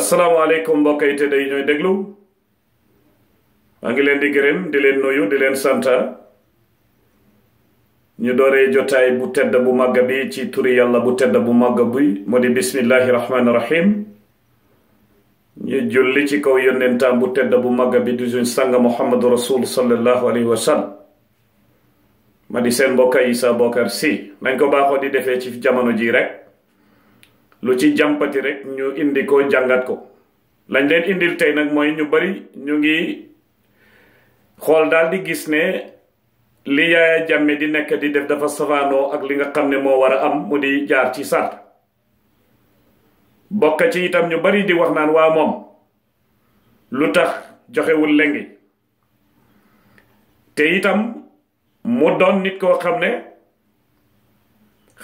assalamu aleykum mbokka yitede yi ñooy déglu maa ngi leen di gërëm di leen nuyu di leen santa ñu dooree jotaay bu tedd bu màgga bi ci turi yàlla bu tedd bu màgga bi moo di bismillahi rahmani rahim ñu julli ci kaw yónneentaam bu tedd bu màgga bi di suñ sàng mohammadu rasul salallahu alayhi wasallam ma di seen mbokka yi sa bokar si nañ ko baaxoo di defee ci jamono ji rek lu ci jàmpati rek ñu indi ko jàngat ko lañ leen indil tey nag mooy ñu bari ñu ngi xool daldi gis ne li Yaya Jammeh di nekk di def dafa safaanoo ak li nga xam ne moo war a am mu di jaar ci sart bokk ci itam ñu bari di wax naan waa moom lu tax joxewul lengi te itam mu doon nit koo xam ne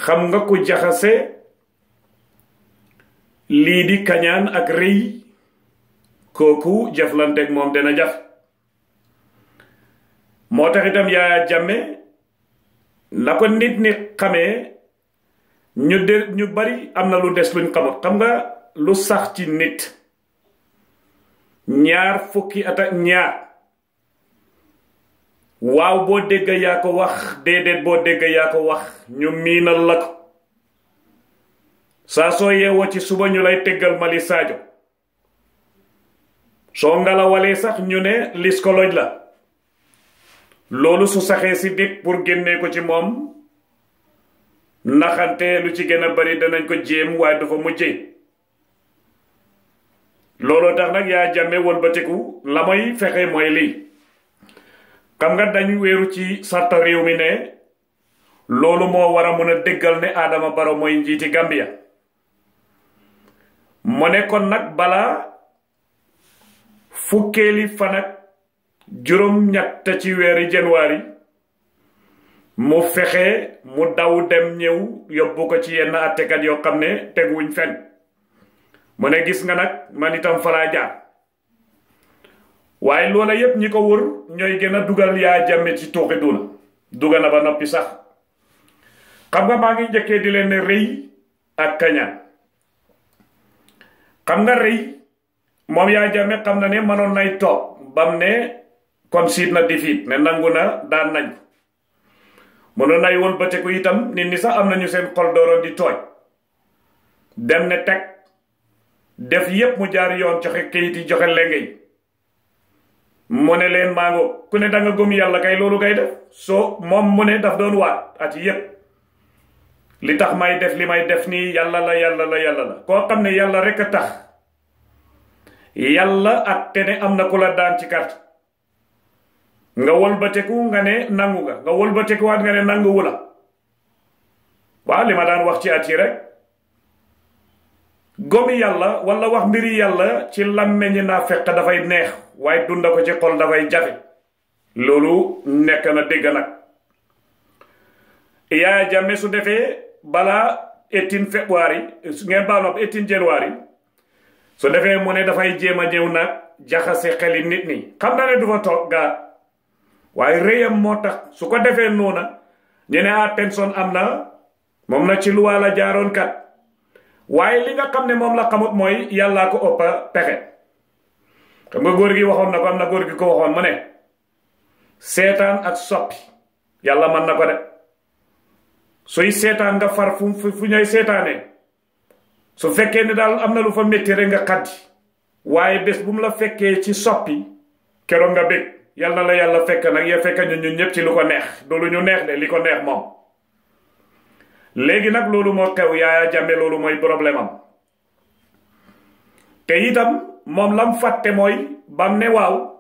xam nga ku jaxase lii di kañaan ak rëy kooku jëflanteeg moom dana jaf moo taxitam itam Yaya Jammeh na ko nit ñi xamee ñu de ñu bari am na lu des luñ xamut xam nga lu sax ci nit ñaar fukki at ñaar waaw boo dégg yaa ko wax déedéet boo dégg yaa ko wax ñu miinal la ko saa soo yeewoo ci suba ñu lay teggal Mali saajo soo ngalawalee sax ñu ne liskoloj la loolu su saxee si dëkk pour génnee ko ci moom naxante lu ci gën a bari danañ ko jéem waaye dafa mujjee looloo tax nag yaa jàmme wëlbatiku la may fexe mooy lii xam nga dañu wéeru ci sarta réew mi ne loolu moo war a mën a déggal ne aadama Barrow mooy njiiti Gambia mu ne kon nag balaa fukkeeli fa ak juróom-ñett ci weeri janwaari mu fexe mu daw dem ñëw yóbbu ko ci yenn àttekat yoo xam ne teguwuñ fenn mu ne gis nga nag man itam faraa jaar waaye loola yépp ñi ko wër ñooy gën a dugal yaa jàmme ci tuuxi duna dugal na ba noppi sax xam nga maa ngi njëkkee di leen rëy ak kaña xam nga rëy moom yaa jame xam na ne mënoon nay toog bam ne comme siit na difiit ne nangu na daan nañ ko mënoon nay wëlbateku itam nit ñi sax am nañu seen xol dooroon di tooy dem ne teg def yépp mu jaar yoon joxe kayit joxe lenge yi mu ne leen maango ku ne danga gëm yàlla kay loolu kay def soo moom mu ne daf doon waat at yépp li tax may def li may def nii yàlla la yàlla la yàlla la koo xam ne yàlla rek a tax yàlla atte ne am na ku la daan ci kart nga wëlbateku nga ne nangu nga nga wëlbatekuwaat nga ne nanguwu la waaw li ma daan wax ci at yi rek gomi yàlla wala wax mbiri yàlla ci làmmeñi naa fekk dafay neex waaye dunda ko ci xol dafay jafe loolu nekk na dégg nag yaa jàmme su defee bala ettin februari ngen balnoɓe ettin januari so defe mone dafay jeema jewna jaxase xeli nit ni xam nane dufa to ga waaye reyam moo tax su ko defee nuuna ñe ne a ah, tenson am na moom na ci luwa la jaaroon kat waaye li nga xam ne moom la xamut mooy yàllaa ko ëppa pexe xam nga góor gi waxoon na ko am na góor gi ko waxoon mu ne seetaan ak soppi yàlla mën na ko def suy seetaan nga far fu fu ñooy seetaanee su fekkee ne daal am na lu fa métti rek nga xaddi waaye bés bu mu la fekkee ci soppi keroog nga bég yal na la yàlla fekk nag ya fekk ñu ñun ñëpp ci lu ko neex du lu ñu neex de li ko neex moom. léegi nag loolu moo xew Yaya Jammeh loolu mooy problème te itam moom lam fàtte mooy bam ne waaw.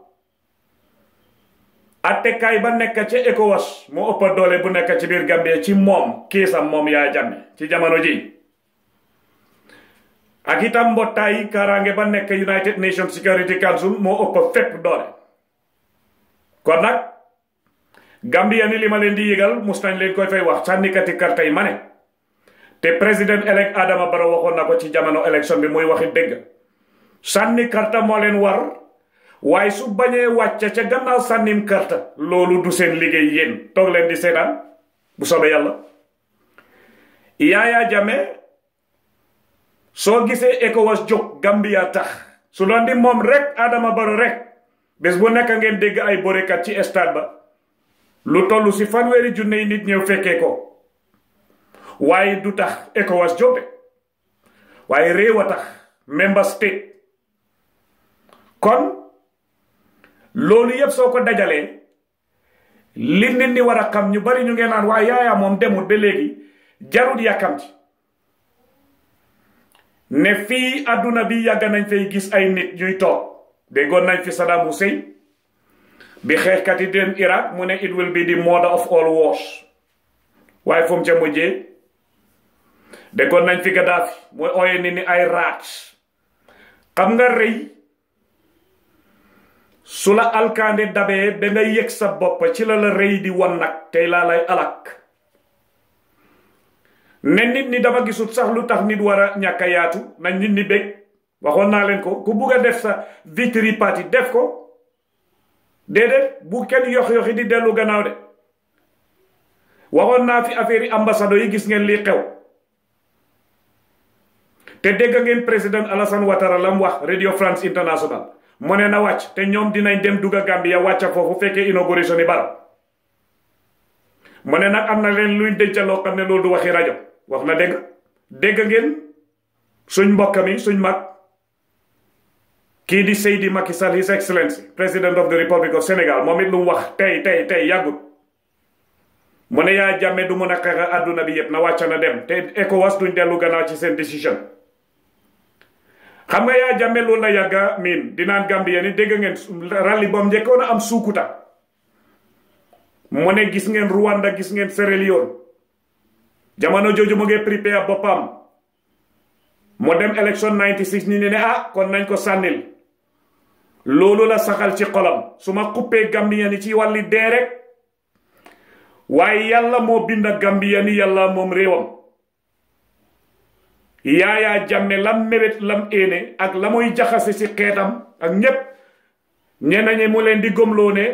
attekaay ba nekk ca ECOWAS moo ëpp doole bu nekk ci bir gambia ci mom kiisam mom ya jàmme ci jamono ji ak itam mbootaay karange ba nekk United Nations Security Council mo ëpp fépp doole kon nak Gambia ni li ma leen di yëgal mus nañ leen koy fay wax sànnikati karta yi ma ne te président elect Adama Barrow waxoon na ko ci jamono élection bi muy waxi dëgg sànni karta moo len war waaye su bañee wàcca ca gannaaw sànnim karta loolu du seen liggéey yéen toog leen di seetaan bu soobee yàlla Yaya Jammeh soo gisee ECOWAS jóg Gambia tax su doon di moom rek Adama Barrow rek bés bu nekk ngeen dégg ay borekat ci stade ba lu toll si fanweeri junne yi nit ñëw fekkee ko waaye du tax ECOWAS jóg de waaye réew a tax member state kon loolu yëpp soo ko dajalee li nit ñi war a xam ñu bari ñu ngeen naan waaye yaayaa moom demul ba léegi jarut yàkkamti ne fii àdduna bi yàgg nañ fay gis ay nit ñuy toog déggoon nañ fi Saddam Hussein bi xeexkat yi dem Iraq mu ne it will be the mother of all wars waaye fu ca mujjee déggoon nañ fi Gaddafi mooy ooye nit ñi ay raat xam nga rëy su la alkaande dabee ba nga yëg sa boppa ci la la rëy di wan nag tey laa lay alak ne nit ñi dafa gisul sax lu tax nit war a ñàkk a na nit ñi bég waxoon naa leen ko ku bugg a def sa victory party def ko déedéet bu kenn yox di dellu gannaaw de waxoon naa fi affaire yi ambassado yi gis ngeen lii xew te dégg ngeen président Alassane Ouattara lam wax Radio France International mu ne na wàcc te ñoom dinañ dem dugg a Gambia wàcca foofu fekkee inauguration yi barab mu ne nag am na leen luñ denca loo xam ne loolu du waxi rajo wax na dégg dégg ngeen suñ mbokk mi suñ mag kii di Seydi Macky Sall His Excellency President of the Republic of Senegal moom it lu mu wax tey tey tey yàggut mu ne yaa jàmme du mun a xeex àdduna bi yëpp na wàcca na dem te ECOWAS duñ dellu gannaaw ci seen décision xam nga yaa jàmme loolu la yàgga miin di naan Gambien yi dégg ngeen rali bam njëkkoon a am Sukuta mu ne gis ngeen Rwanda gis ngeen Sierra yoon jamono jooju mu ngi prépare boppam mu dem élection 96 ni ne ne ah kon nañ ko sànnil loolu la saxal ci xolam su ma xuppee Gambien yi ci wàlli dee rek waaye yàlla moo binda Gambien yi yàlla moom réewam yaayaa jàmme lam mébét lam éene ak la muy jaxase si xeetam ak ñépp ñenn ñi mu leen di gomloo ne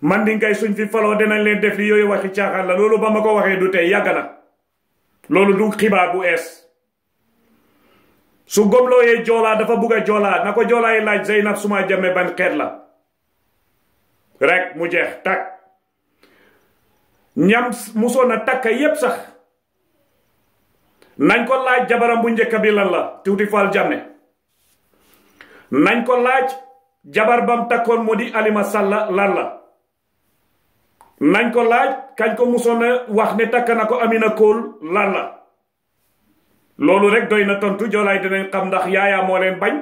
man di ngay suñ fi faloo dinañ leen def li yooyu waxi caaxaan la loolu ba ma ko waxee du tey yàgg na loolu du xibaar bu ees su gomlooyee joolaa dafa bugg a joolaa na ko joolaay laaj Zeynab suma jàmme ban xeet la rek mu jeex takk ñam musoon na takka yépp sax nañ ko laaj jabaram bu njëkk bi lan la tuuti faal jàmme nañ ko laaj jabar bam takkoon moo di alima sàlla lan la nañ ko laaj kañ ko musoon a wax ne takk na ko amina kóol lan la loolu rek doy na tontu joolaay dinañ xam ndax yaayaa moo leen bañ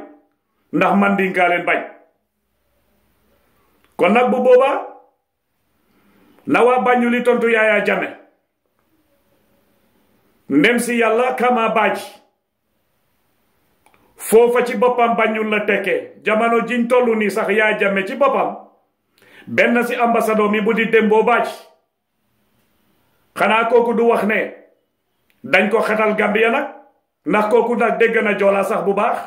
ndax mandinkaa leen bañ kon nag bu booba na waa bañu li tontu yaayaa jame ndem si yàlla kama baaj foofa ci boppam bañul la tekke jamono jiñ toll nii sax yaa jàmme ci boppam benn si ambassadeur mi bu di démboo baaj xanaa kooku du wax ne dañ ko xetal Gambia nag ndax kooku nag dégg na joolaa sax bu baax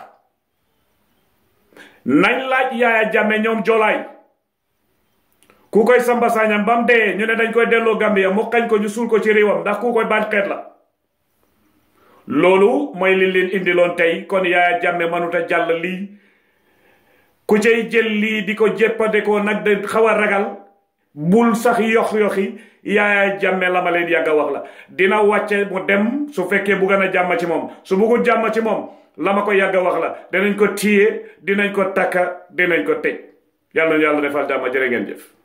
nañ laaj yaaya jàmme ñoom joolaay ku koy samba sañam ba mu dee ñu ne dañ koy delloo Gambia mu xañ ko ñu suul ko ci réewam ndax ku koy bañ xeet la loolu mooy li leen indiloon tey kon Yaya Jammeh mënut a jàll lii ku cay jël lii di ko jéppandekoo nag da xaw a ragal bul sax yox-yoxi Yaya Jammeh la ma leen yàgg a wax la dina wàcce mu dem su fekkee bu gën a jàmm ci moom su bëggul jàmm ci moom la ma ko yàgg a wax la dinañ ko téye dinañ ko takka dinañ ko tëj yàlla na yàlla defal jàmm jëre ngeen jëf